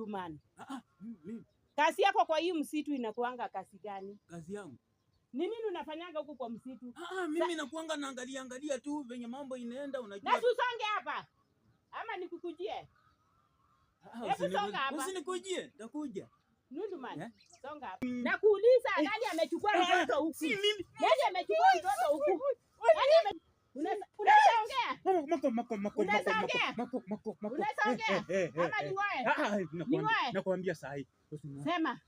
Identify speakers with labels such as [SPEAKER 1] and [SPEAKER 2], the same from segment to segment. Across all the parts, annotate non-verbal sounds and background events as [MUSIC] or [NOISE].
[SPEAKER 1] Omdurman. Ah, ah Kazi yako kwa hii msitu inakuanga kazi gani? Kazi yangu. Ni nini unafanyaga huku kwa msitu?
[SPEAKER 2] Ah, ah mimi nakuanga naangalia angalia tu venye mambo inaenda unajua.
[SPEAKER 1] Na usonge hapa. Ama nikukujie?
[SPEAKER 2] Ah, ah usonge hapa. Usinikujie, takuja.
[SPEAKER 1] Nunduman, yeah. Songa hapa. Nakuuliza nani amechukua mtoto eh, eh, huku? Si mimi. Nani amechukua mtoto huku? Nani amechukua
[SPEAKER 2] Nakwambia saa hii
[SPEAKER 1] sema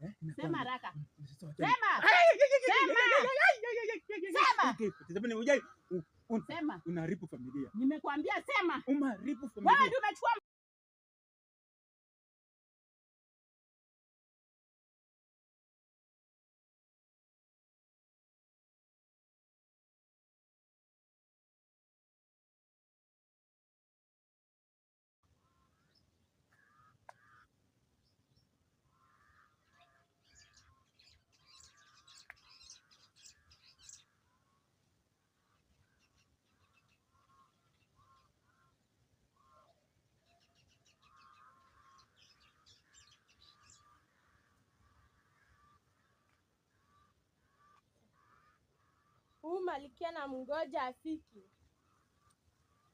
[SPEAKER 1] malkia na mngoja afiki.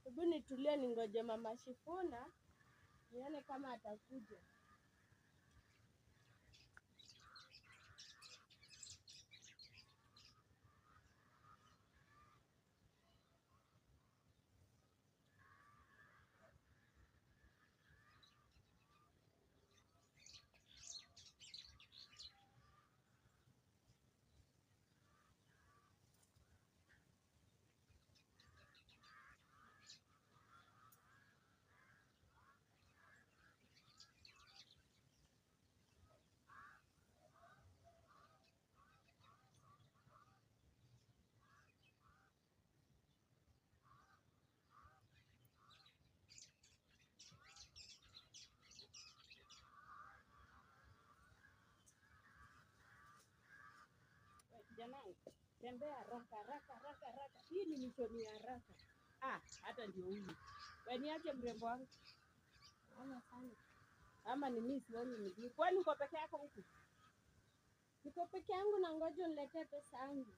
[SPEAKER 1] Hebu nitulie ningoje mama Shifuna nione kama atakuja. Jamani, tembea haraka haraka haraka haraka, hii ni mishoni ya haraka. Ah, hata ndio huyu waniache mrembo wangu ama ni mimi sioni miguu. Kwani uko peke yako huku?
[SPEAKER 3] Niko peke yangu na ngoja niletee pesa yangu.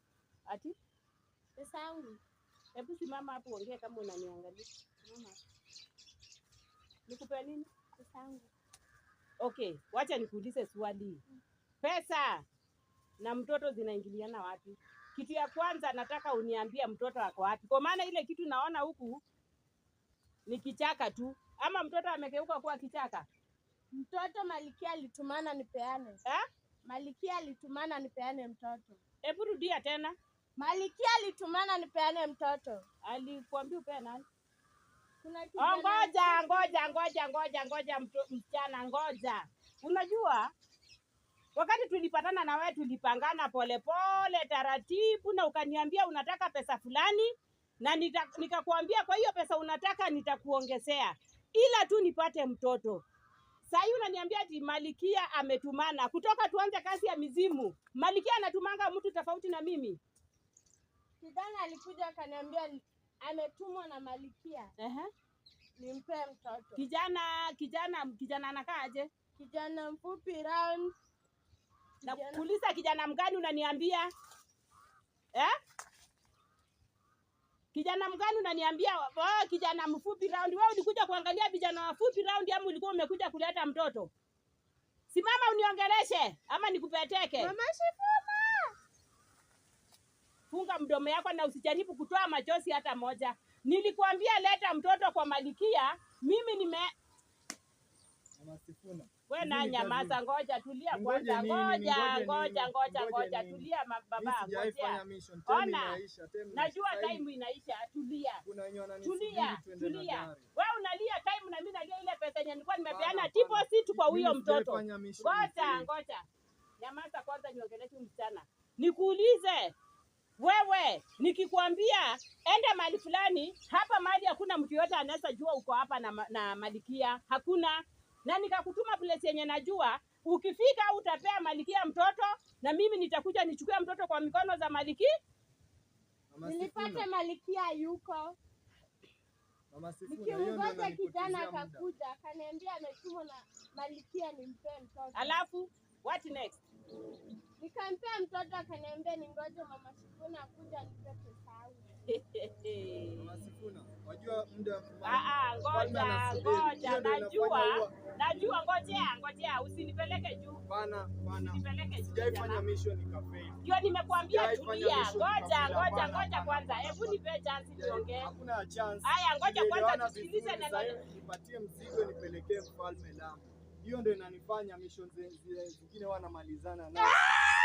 [SPEAKER 3] Ati? Pesa yangu.
[SPEAKER 1] Hebu simama hapo ongea kama unaniangalia. Mama. Nikupe nini? Pesa yangu. Okay, wacha nikuulize swali. Mm. Pesa na mtoto zinaingiliana wapi? Kitu ya kwanza nataka uniambie mtoto ako wapi, kwa maana ile kitu naona huku ni kichaka tu, ama mtoto amegeuka kuwa kichaka?
[SPEAKER 3] Mtoto Malikia alitumana nipeane eh? Malikia alitumana nipeane mtoto.
[SPEAKER 1] Hebu rudia tena.
[SPEAKER 3] Malikia alitumana nipeane mtoto.
[SPEAKER 1] Alikwambia upeane nani? Ngoja ngoja ngoja ngoja ngoja, msichana, ngoja. Unajua Wakati tulipatana na wewe tulipangana polepole pole, taratibu na ukaniambia unataka pesa fulani na nikakuambia kwa hiyo pesa unataka nitakuongezea, ila tu nipate mtoto. Saa hii unaniambia ti Malikia ametumana kutoka tuanze kazi ya mizimu. Malikia anatumanga mtu tofauti na mimi.
[SPEAKER 3] Kijana alikuja akaniambia ametumwa na Malikia. Ehe. Nimpe mtoto.
[SPEAKER 1] Kijana kijana kijana anakaa aje?
[SPEAKER 3] Kijana mfupi round
[SPEAKER 1] kuuliza kijana mgani unaniambia eh? Kijana mgani unaniambia oh, Kijana mfupi round wewe, ulikuja kuangalia vijana wafupi round ama ulikuwa umekuja kuleta mtoto? Simama uniongeleshe ama nikupeteke.
[SPEAKER 3] Mama Shifuma,
[SPEAKER 1] funga mdomo yako na usijaribu kutoa machozi hata moja. Nilikuambia leta mtoto kwa Malikia, mimi nime Mama Shifuna. We na nyamaza, ngoja tulia kwanza, ngoja ngoja ngoja ngoja, tulia baba, ngoja ona, najua time inaisha, tulia
[SPEAKER 2] tulia
[SPEAKER 1] tulia. We unalia time na mimi nalia ile pesa yenye nilikuwa nimepeana deposit kwa huyo mtoto. Ngoja ngoja, nyamaza kwanza, niongeleshe msichana, nikuulize wewe, nikikwambia ende mahali fulani, hapa mahali hakuna mtu yote anaweza jua uko hapa na, na malikia, hakuna na nikakutuma place yenye najua ukifika utapea malikia mtoto, na mimi nitakuja nichukue mtoto kwa mikono za maliki
[SPEAKER 3] nilipate malikia yuko nikimngoja kijana akakuja akaniambia ametumwa na malikia nimpee mtoto.
[SPEAKER 1] Alafu what next?
[SPEAKER 3] Nikampea mtoto akaniambia ningoje mama Sifuna akuja nipe pesa
[SPEAKER 1] yangu. [LAUGHS] Ah, ah, ngoja ngoja, najua najua, ngojea ngojea, usinipeleke juu,
[SPEAKER 2] usinipeleke juu.
[SPEAKER 1] Ndio nimekuambia tulia, ngoja ngoja ngoja kwanza, hebu nipe chance niongee. Haya, ngoja kwanza tusikilize
[SPEAKER 2] neno, nipatie mzigo nipelekee mfalme Lamu. Hiyo ndio inanifanya mission zingine wanamalizana
[SPEAKER 1] nazo. Ah!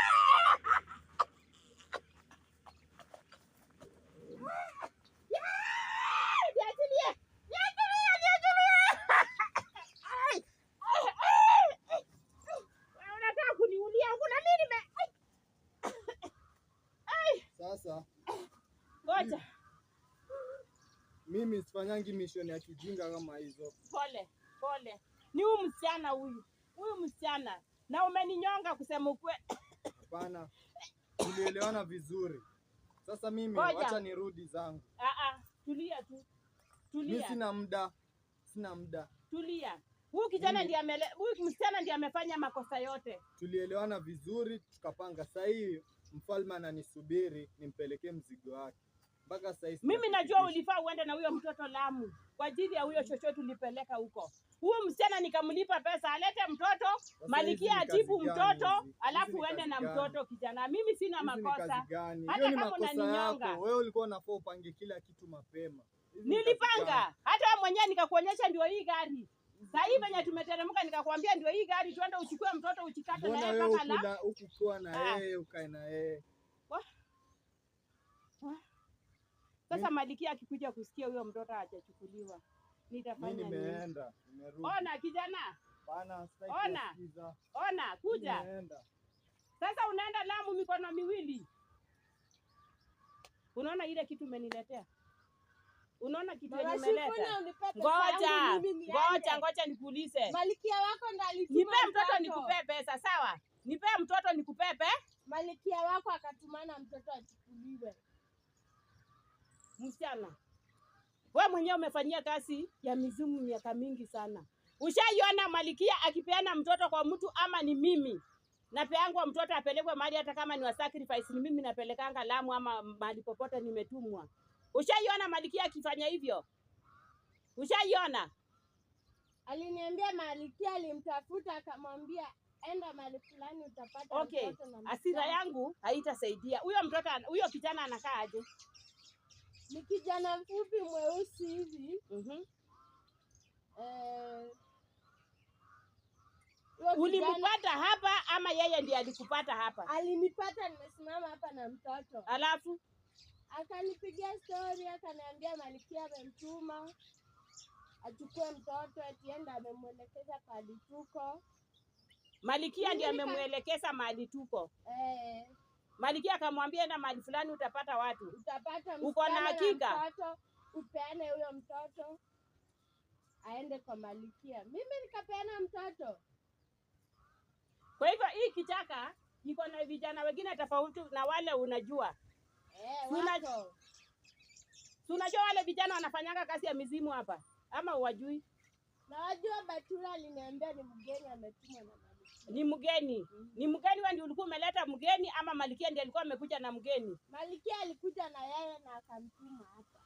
[SPEAKER 1] Sasa ngoja
[SPEAKER 2] mimi sifanyangi mission ya kijinga kama hizo.
[SPEAKER 1] Pole pole, ni huyu msichana huyu huyu msichana, na umeninyonga kusema ukwe.
[SPEAKER 2] Hapana, tulielewana vizuri. Sasa mimi wacha nirudi zangu.
[SPEAKER 1] Ah ah, tulia tu, tulia.
[SPEAKER 2] Mimi sina muda, sina muda.
[SPEAKER 1] Tulia. Huyu kijana ndiye amele, huyu msichana ndiye amefanya makosa yote.
[SPEAKER 2] Tulielewana vizuri, tukapanga sahihi mfalme ananisubiri nimpelekee mzigo wake. Mpaka sasa hivi
[SPEAKER 1] mimi najua ulifaa uende na huyo mtoto Lamu kwa ajili ya huyo chochote ulipeleka huko. Huyo msichana nikamlipa pesa alete mtoto, Malikia ajibu mtoto, alafu uende na mtoto kijana. Mimi sina makosa, hata kama unaninyonga
[SPEAKER 2] wewe. Ulikuwa unafaa upange kila kitu mapema.
[SPEAKER 1] Nilipanga hata mwenyewe nikakuonyesha, ndio hii gari sasa hivi venye tumeteremka nikakwambia ndio hii gari twende uchukue mtoto uchikate ah. na yeye paka la.
[SPEAKER 2] Huku na yeye ukae na yeye.
[SPEAKER 1] Sasa malikia akikuja kusikia huyo mtoto hajachukuliwa. Nitafanya nini?
[SPEAKER 2] Nimeenda, nimerudi. Ona kijana. Bana,
[SPEAKER 1] ona. Ona, kuja. Nimeenda. Sasa unaenda Lamu mikono miwili. Unaona ile kitu umeniletea? Unaona kitu yenye meleta. Ngoja, ngoja, ngoja nikuulize.
[SPEAKER 3] Malikia wako ndo alituma. Nipe
[SPEAKER 1] mtoto nikupe pesa, sawa? Nipe mtoto nikupe pesa.
[SPEAKER 3] Malikia wako akatumana mtoto achukuliwe.
[SPEAKER 1] Msichana. We mwenyewe umefanyia kazi ya mizimu miaka mingi sana. Ushaiona malikia akipeana mtoto kwa mtu ama ni mimi? Napeangwa mtoto apelekwe mahali hata kama ni wa sacrifice, ni mimi napelekanga Lamu ama mahali popote nimetumwa. Ushaiona malikia akifanya hivyo? Ushaiona?
[SPEAKER 3] Aliniambia malikia alimtafuta akamwambia enda mahali fulani utapata. Okay,
[SPEAKER 1] asira yangu haitasaidia. Huyo mtoto, huyo kijana anakaa aje?
[SPEAKER 3] Ni kijana mfupi mweusi hivi. Mhm. Eh,
[SPEAKER 1] ulimpata hapa ama yeye ndiye alikupata hapa?
[SPEAKER 3] Alinipata nimesimama hapa na mtoto, alafu akanipigia stori, akaniambia malikia amemtuma achukue mtoto atienda, amemwelekeza pahali tuko.
[SPEAKER 1] malikia ndiye amemwelekeza mahali tuko eh. Malikia akamwambia enda mahali fulani, utapata watu,
[SPEAKER 3] utapata
[SPEAKER 1] uko na hakika,
[SPEAKER 3] upeane huyo mtoto aende kwa malikia Mimi nikapeana mtoto.
[SPEAKER 1] Kwa hivyo hii kichaka iko na vijana wengine tofauti na wale unajua Unajua eh, wale vijana wanafanyaga kazi ya mizimu hapa ama uwajui?
[SPEAKER 3] Nawajua, Batula aliniambia ni mgeni ametumwa na Malikia.
[SPEAKER 1] Ni mgeni mm -hmm. Ni mgeni, wewe ndio ulikuwa umeleta mgeni ama Malikia ndiye alikuwa amekuja na mgeni?
[SPEAKER 3] Malikia alikuja na yeye na akamtuma hapa.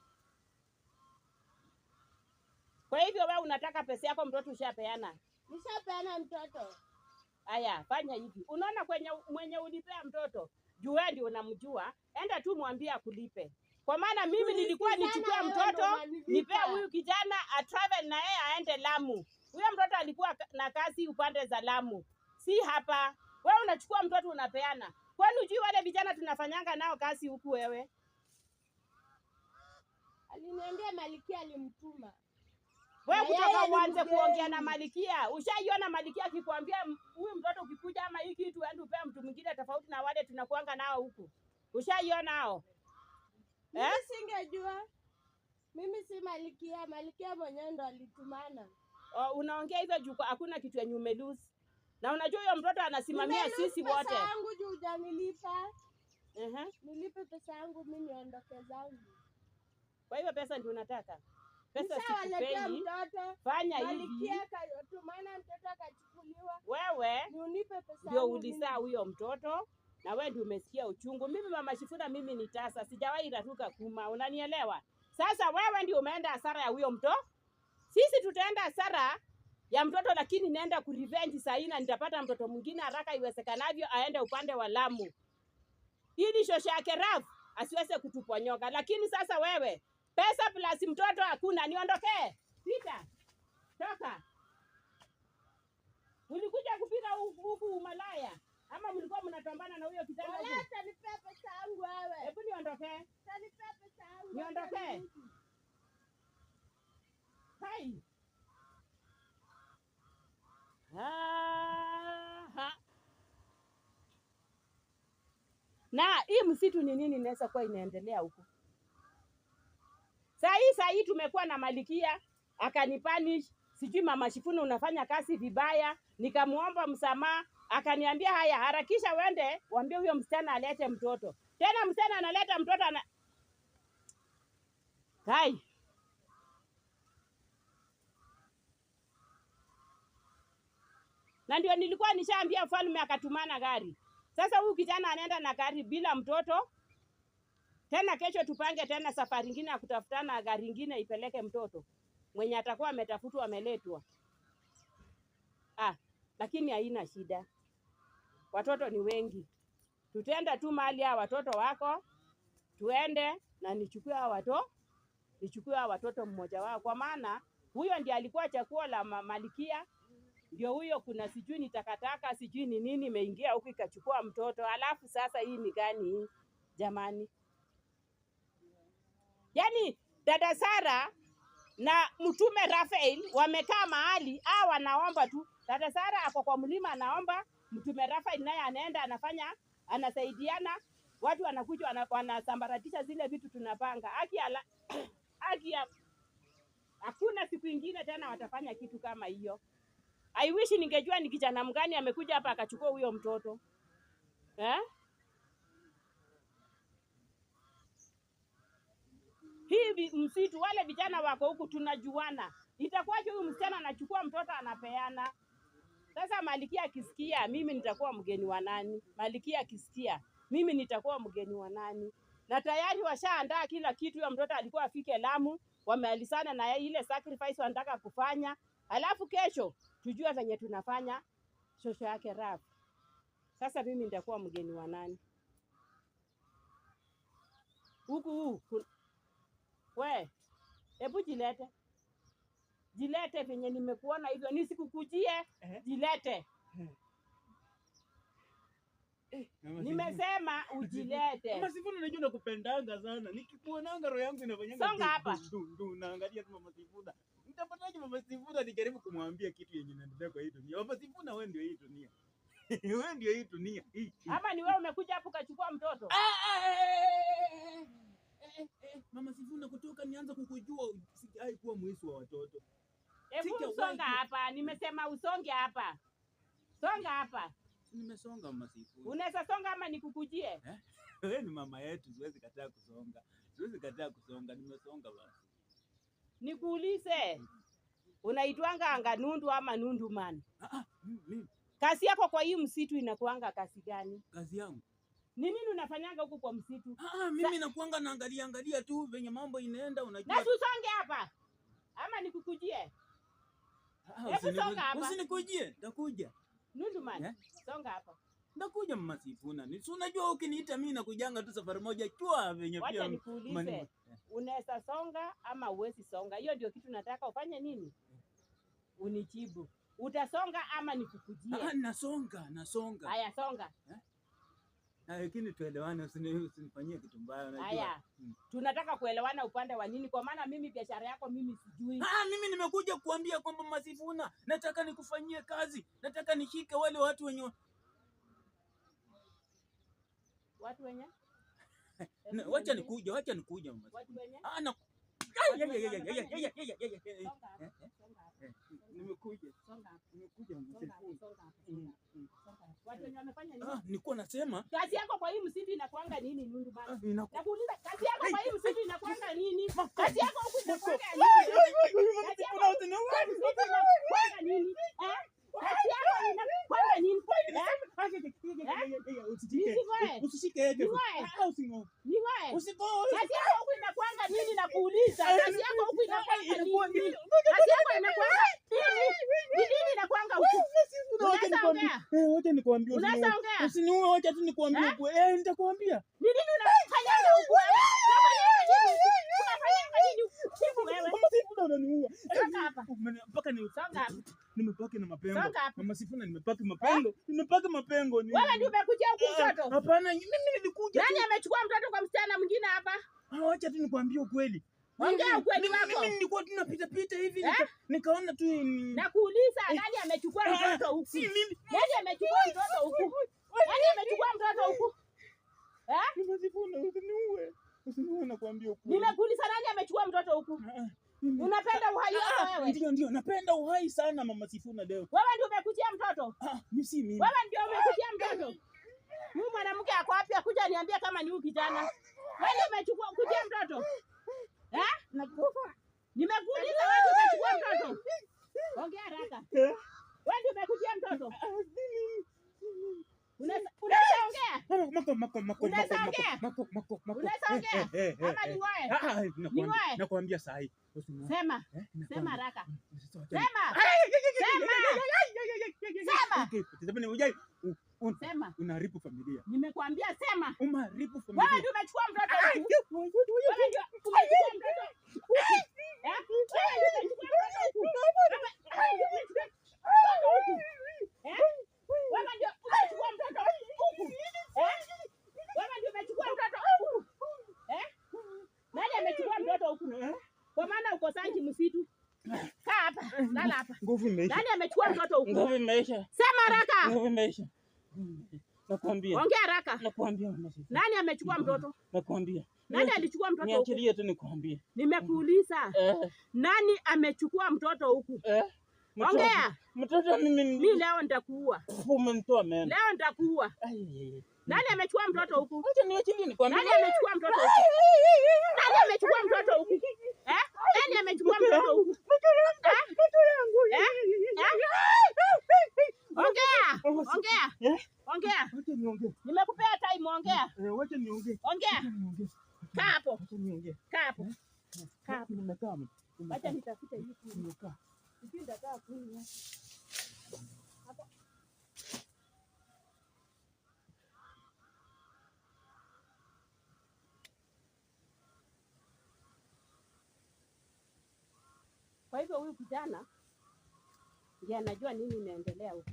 [SPEAKER 1] Kwa hivyo wewe unataka pesa yako, mtoto ushapeana?
[SPEAKER 3] Nishapeana mtoto.
[SPEAKER 1] Aya, fanya hivi, unaona kwenye mwenye ulipea mtoto juu wewe ndio unamjua, enda tu mwambie akulipe, kwa maana mimi nilikuwa nichukue mtoto nipea huyu kijana travel na yeye aende Lamu. Huyo mtoto alikuwa na kazi upande za Lamu, si hapa. Wewe unachukua mtoto unapeana, kwani ujui wale vijana tunafanyanga nao kazi huku? Wewe
[SPEAKER 3] aliniambia malikia alimtuma
[SPEAKER 1] wewe kutoka uanze kuongea na Malikia. Ushaiona Malikia akikwambia huyu mtoto ukikuja ama hii kitu aende upea mtu mwingine tofauti na wale tunakuanga nao huku. Ushaiona hao?
[SPEAKER 3] Mimi eh? Singejua. Mimi si Malikia, Malikia mwenyewe ndo alitumana.
[SPEAKER 1] Oh, unaongea hivyo juu hakuna kitu yenye umeluzi. Na unajua huyo mtoto anasimamia sisi wote. Pesa
[SPEAKER 3] yangu juu hujanilipa. Uh -huh. Nilipe pesa yangu mimi niondoke zangu.
[SPEAKER 1] Kwa hivyo pesa ndio unataka?
[SPEAKER 3] pesa sikupei,
[SPEAKER 1] fanya hivi. Wewe ndio ulisaa huyo mtoto na wewe ndio umesikia uchungu. Mimi mama Shifuna, mimi ni tasa, sijawahi ratuka kuma, unanielewa? Sasa wewe ndio umeenda hasara ya huyo mtoto, sisi tutaenda hasara ya mtoto, lakini naenda ku sahii na nitapata mtoto mwingine haraka iwezekanavyo, aende upande wa Lamu ili shosha yake Rafu asiweze kutuponyoka. Lakini sasa wewe Pesa plus mtoto hakuna, niondokee. Pita, toka. Ulikuja kupiga huku umalaya ama mlikuwa mnatombana na huyo kijana
[SPEAKER 3] huyo? Leta pesa yangu wewe.
[SPEAKER 1] Hebu niondokee.
[SPEAKER 3] Nipe pesa yangu.
[SPEAKER 1] Niondokee. Hai. Ha. Na hii msitu ni nini inaweza kuwa inaendelea huku? Sahii hii tumekuwa na malikia akanipanish, sijui mama Shifuna unafanya kazi vibaya, nikamwomba msamaha akaniambia haya, harakisha wende waambie huyo msichana alete mtoto. Tena msichana analeta mtoto ana... Kai. Na ndio nilikuwa nishaambia mfalme, akatumana gari. Sasa huyu kijana anaenda na gari bila mtoto, tena kesho tupange tena safari ingine ya kutafutana gari ingine ipeleke mtoto mwenye atakuwa ametafutwa ameletwa. Ah, lakini haina shida, watoto ni wengi. Tutenda tu mali ya watoto wako, tuende na nichukue hao watoto, nichukue hao watoto mmoja wao, kwa maana huyo ndiye alikuwa chakuo la malikia ndio huyo. Kuna sijui ni takataka sijui ni nini imeingia huku ikachukua mtoto, alafu sasa hii ni gani hii jamani? Yaani dada Sara na mtume Rafael wamekaa mahali au wanaomba tu. Dada Sara ako kwa mlima anaomba, mtume Rafael naye anaenda anafanya, anasaidiana, watu wanakuja wanasambaratisha zile vitu tunapanga. Aki ala, aki ya hakuna siku ingine tena watafanya kitu kama hiyo. I wish ningejua ni kijana mgani amekuja hapa akachukua huyo mtoto eh? hivi msitu, wale vijana wako huku tunajuana, itakuwaje huyu msichana anachukua mtoto anapeana? Sasa malikia akisikia mimi nitakuwa mgeni wa nani? Malkia akisikia mimi nitakuwa mgeni wa nani? Na tayari washaandaa kila kitu. ya mtoto alikuwa afike Lamu, wamealisana na ile sacrifice wanataka kufanya, alafu kesho tujua venye tunafanya shosho yake rap. Sasa mimi nitakuwa mgeni wa nani huku? we, hebu jilete, jilete venye nimekuona hivyo, nisikukujie. Eh? Jilete, eh, nimesema ujilete.
[SPEAKER 2] Mama Sifuna, unajua nakupendanga sana, nikikuonanga roho yangu inafanyanga. Songa hapa, naangalia tu Mama Sifuna. Nitapataje Mama Sifuna nijaribu kumwambia kitu yenye inaendelea kwa hii dunia? Mama Sifuna, wewe ndio hii dunia [LAUGHS] wewe ndio hii dunia.
[SPEAKER 1] Ama ni wewe umekuja hapo ukachukua mtoto?
[SPEAKER 2] Ah, ah, ah, eh, eh, mama Sifuna kutoka nianza kukujua, sijai kuwa mwizi wa watoto.
[SPEAKER 1] Hebu eh, usonga hapa, nimesema usonge hapa, songa hapa.
[SPEAKER 2] Nimesonga mama Sifuna.
[SPEAKER 1] Unaweza songa ama nikukujie?
[SPEAKER 2] Eh? [LAUGHS] Wewe ni mama yetu, siwezi kataa kusonga, siwezi kataa kusonga, nimesonga basi.
[SPEAKER 1] Nikuulize, unaitwanga anga nundu ama nundu man?
[SPEAKER 2] Ah, mm, mm.
[SPEAKER 1] Kazi yako kwa hii msitu inakuanga kazi gani? Kazi yangu ni nini unafanyaga huku kwa msitu?
[SPEAKER 2] Ah, ah mimi nakuanga naangalia angalia tu venye mambo inaenda, unajua.
[SPEAKER 1] Na tusonge hapa ama nikukujie? Ah, ah, Hebu songa hapa.
[SPEAKER 2] Usinikujie, takuja.
[SPEAKER 1] yeah. Songa hapa.
[SPEAKER 2] Ndakuja mama Sifuna. Ni si unajua ukiniita mimi nakujanga tu safari moja chua venye pia.
[SPEAKER 1] Wacha nikuulize. Eh. Unaweza songa ama uwezi songa? Hiyo ndio kitu nataka ufanye nini? Unijibu. Utasonga ama nikukujie?
[SPEAKER 2] Ah, nasonga, nasonga.
[SPEAKER 1] Aya, songa. yeah
[SPEAKER 2] lakini tuelewane, usinifanyie kitu mbaya. Unajua
[SPEAKER 1] haya hmm. tunataka kuelewana upande wa nini? Kwa maana mimi biashara yako mimi sijui.
[SPEAKER 2] Ah, mimi nimekuja kuambia kwamba Masivuna, nataka nikufanyie kazi, nataka nishike wale watu wenye watu wenye [LAUGHS] wacha nikuja, wacha nikuja, wacha ah, nikuja. Nilikuwa nasema
[SPEAKER 1] kazi yako kwa hii msitu inakuanga nini Nyundu bana? Nakuuliza kazi yako kwa hii msitu inakuanga nini? Kazi yako huku inakuanga nini? yako
[SPEAKER 2] Wacha nikuambie,
[SPEAKER 1] usiniue.
[SPEAKER 2] Wacha tu nikuambie nitakuambia Mbona unaniua? Yaani Mpaka ni Nimepaki na mapengo. Mama Sifuna nimepaki mapengo. Eh? Nimepaki mapengo.
[SPEAKER 1] Wewe ndio umekuja huku eh, mtoto?
[SPEAKER 2] Hapana, mimi nilikuja.
[SPEAKER 1] Nani amechukua mtoto kwa msichana mwingine hapa?
[SPEAKER 2] Ah, acha tu nikwambie ukweli.
[SPEAKER 1] Ongea ukweli
[SPEAKER 2] wako. Mimi nilikuwa tunapita pita hivi eh? nikaona tu.
[SPEAKER 1] Nakuuliza nani amechukua ah, mtoto huku? Si mimi. ni
[SPEAKER 2] wewe. Nakwambia saa
[SPEAKER 1] Sema. Sema haraka. Sema. Sema. Sema.
[SPEAKER 2] Unaharibu familia.
[SPEAKER 1] Nimekwambia sema.
[SPEAKER 2] Unaharibu familia.
[SPEAKER 1] Wewe ndio umechukua mtoto wangu. Wewe ndio umechukua mtoto. Wewe ndio umechukua mtoto. Nani amechukua mtoto huku? Eh? Kwa maana uko ukosanji msitu. Kaa hapa, lala hapa. Nguvu imeisha. Nani amechukua mtoto huku?
[SPEAKER 2] Nguvu imeisha.
[SPEAKER 1] Sema haraka.
[SPEAKER 2] Nguvu imeisha. Nakwambia. Ongea haraka. Nakwambia.
[SPEAKER 1] Nani amechukua mtoto? Nakwambia. Nani alichukua mtoto
[SPEAKER 2] huku? Niachilie tu nikwambie.
[SPEAKER 1] Nimekuuliza. Eh. Nani amechukua mtoto huku? Eh. Ongea.
[SPEAKER 2] Mtoto mimi.
[SPEAKER 1] Mimi leo nitakuua.
[SPEAKER 2] Umemtoa meno.
[SPEAKER 1] Leo nitakuua.
[SPEAKER 2] Ai.
[SPEAKER 1] Nani amechukua mtoto huku?
[SPEAKER 2] Mtu ni chini nikwambie.
[SPEAKER 1] Nani amechukua mtoto huku? Nani amechukua mtoto huku? Eh? Nani amechukua mtoto huku?
[SPEAKER 2] Mtu wangu. Mtu wangu.
[SPEAKER 1] Eh? Eh? Eh? Ongea. Ongea. Ongea. Wacha niongee. Nimekupea time ongea.
[SPEAKER 2] Eh, wacha niongee.
[SPEAKER 1] Ongea. Kaa hapo. Wacha niongee. Kaa hapo. Kaa hapo. Nimekaa. Wacha nitafute hii. Nimekaa. Sisi ndakaa kunywa. hivyo huyu kijana ndiye anajua nini inaendelea huku.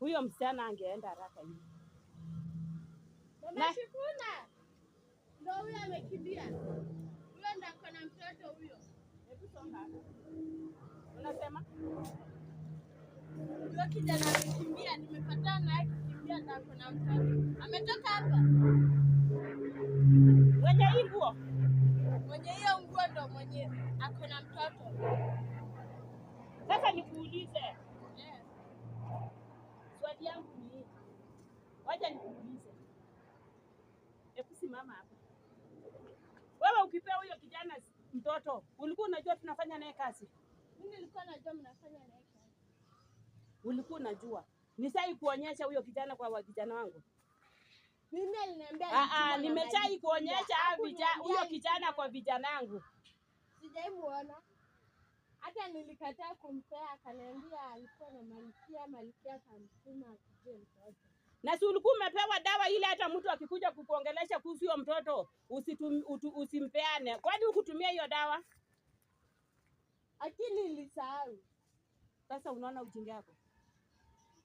[SPEAKER 1] Huyo msichana angeenda haraka hivi.
[SPEAKER 3] Na Shifuna ndio huyo amekimbia. Huyo ndio na mtoto huyo.
[SPEAKER 1] Hebu songa. Unasema?
[SPEAKER 3] Huyo kijana amekimbia, nimepatana naye na ndio na mtoto. Ametoka hapa.
[SPEAKER 1] Wenye hii nguo
[SPEAKER 3] mwenye hiyo nguo ndo mwenye ako na mtoto.
[SPEAKER 1] Sasa nikuulize, swali yangu ni waja nikuulize, hebu simama hapa wewe, ukipea huyo kijana mtoto, ulikuwa unajua tunafanya naye kazi?
[SPEAKER 3] Mimi nilikuwa najua mnafanya naye kazi.
[SPEAKER 1] Ulikuwa unajua? Nisai kuonyesha huyo kijana kwa wa wangu Ah, ah, Nimechai kuonyesha huyo kijana kwa vijanangu,
[SPEAKER 3] muona. hata nilikataa kumpea, akaniambia alikuwa na malkia. Malkia akamtuma akuje mtoto,
[SPEAKER 1] na si ulikuwa umepewa dawa ile, hata mtu akikuja kukuongelesha kuhusu huyo mtoto usimpeane. Kwani ukutumia hiyo dawa?
[SPEAKER 3] Lakini nilisahau.
[SPEAKER 1] Sasa unaona ujinga wako.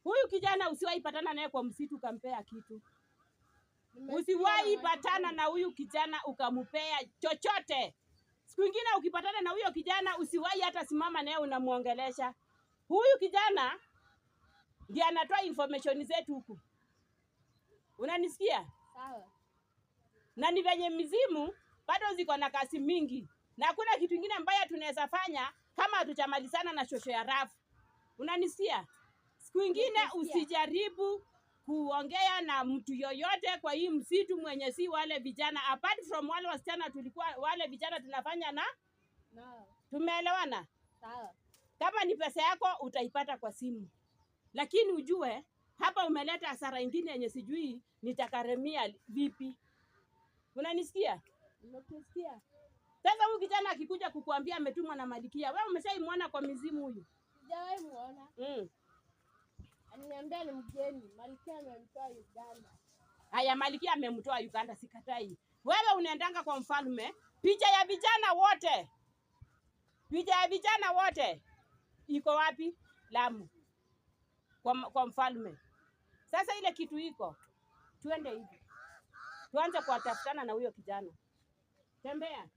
[SPEAKER 1] Huyu kijana usiwahi patana naye kwa msitu ukampea kitu. Usiwahi patana na huyu kijana ukamupea chochote. Siku ingine ukipatana na huyo kijana usiwahi hata simama naye unamwongelesha. Huyu kijana ndiye anatoa information zetu huku, unanisikia? Sawa. Na ni venye mizimu bado ziko na kasi mingi, na hakuna kitu ingine mbaya tunaweza fanya kama hatushamalizana na shosho ya rafu, unanisikia? Siku ingine usijaribu kuongea na mtu yoyote kwa hii msitu mwenye si wale vijana, apart from wale wasichana tulikuwa wale vijana tunafanya na no. Tumeelewana sawa? Kama ni pesa yako utaipata kwa simu, lakini ujue hapa umeleta hasara ingine yenye sijui nitakaremia vipi. Unanisikia?
[SPEAKER 3] Nimekusikia.
[SPEAKER 1] Sasa huyu kijana akikuja kukuambia ametumwa na Malikia, wewe umeshaimwona kwa mizimu huyu?
[SPEAKER 3] Sijawahi muona. mm. Ameniambia ni mgeni. Malkia amemtoa Uganda.
[SPEAKER 1] Haya, Malkia amemtoa Uganda, sikatai. Wewe unaendanga kwa mfalme, picha ya vijana wote, picha ya vijana wote iko wapi? Lamu, kwa, kwa mfalme. Sasa ile kitu iko, tuende hivi, tuanze kuwatafutana na huyo kijana. Tembea.